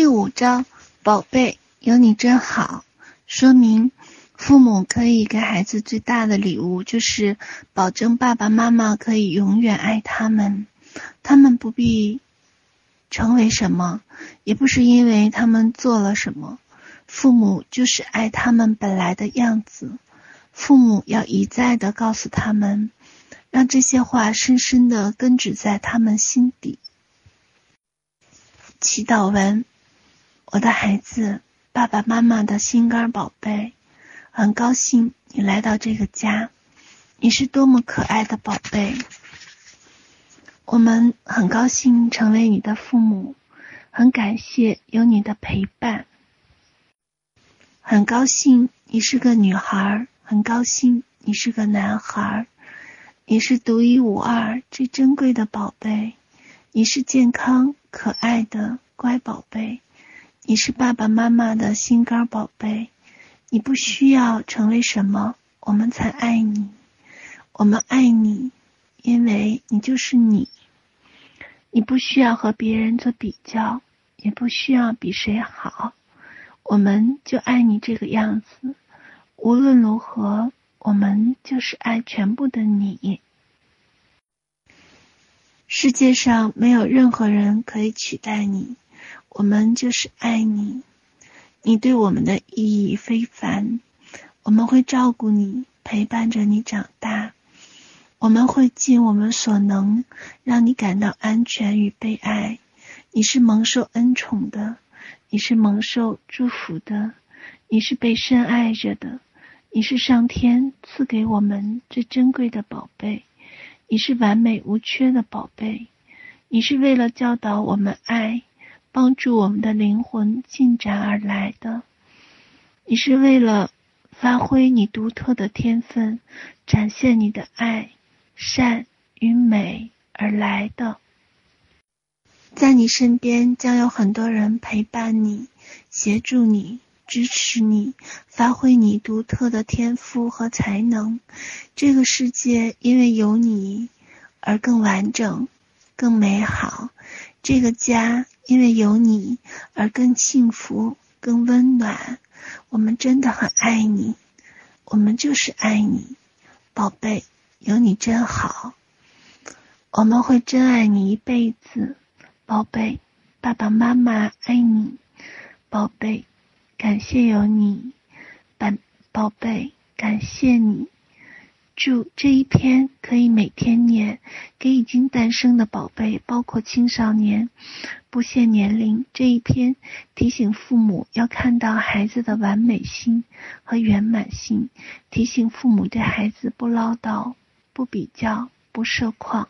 第五章寶貝，有你真好。說明父母可以給孩子最大的禮物，就是保證爸爸媽媽可以永遠愛他們。他們不必成為什麼，也不是因為他們做了什麼。父母就是愛他們本來的樣子。父母要一再的告訴他們，讓這些話深深的根植在他們心底。祈禱文。我的孩子，爸爸媽媽的心肝寶貝，很高興你來到這個家。你是多麼可愛的寶貝！我們很高興成為你的父母，很感謝有你的陪伴。很高興你是個女孩，很高興你是個男孩。你是獨一無二最珍貴的寶貝，你是健康可愛的乖寶貝。你是爸爸媽媽的心肝寶貝，你不需要成為什麼，我們才愛你。我們愛你，因為你就是你。你不需要和別人做比較，也不需要比誰好，我們就愛你這個樣子。無論如何，我們就是愛全部的你。世界上沒有任何人可以取代你。我們就是愛你，你對我們的意義非凡。我們會照顧你，陪伴着你長大。我們會盡我們所能，讓你感到安全與被愛。你是蒙受恩寵的，你是蒙受祝福的，你是被深愛着的，你是上天賜給我們最珍貴的寶貝，你是完美無缺的寶貝。你是為了教導我們愛。幫助我們的靈魂進展而來的，你是為了發揮你獨特的天分，展現你的愛、善與美而來的。在你身邊將有很多人陪伴你、協助你、支持你，發揮你獨特的天賦和才能。這個世界因為有你而更完整、更美好。這個家因為有你而更幸福、更溫暖，我們真的很愛你，我們就是愛你，寶貝，有你真好。我們會珍愛你一輩子，寶貝，爸爸媽媽愛你，寶貝，感謝有你，寶寶貝，感謝你。祝這一篇可以每天念給已經誕生的寶貝，包括青少年。不限年齡，這一篇提醒父母要看到孩子的完美性和圓滿性，提醒父母對孩子不嘮叨、不比較、不設框。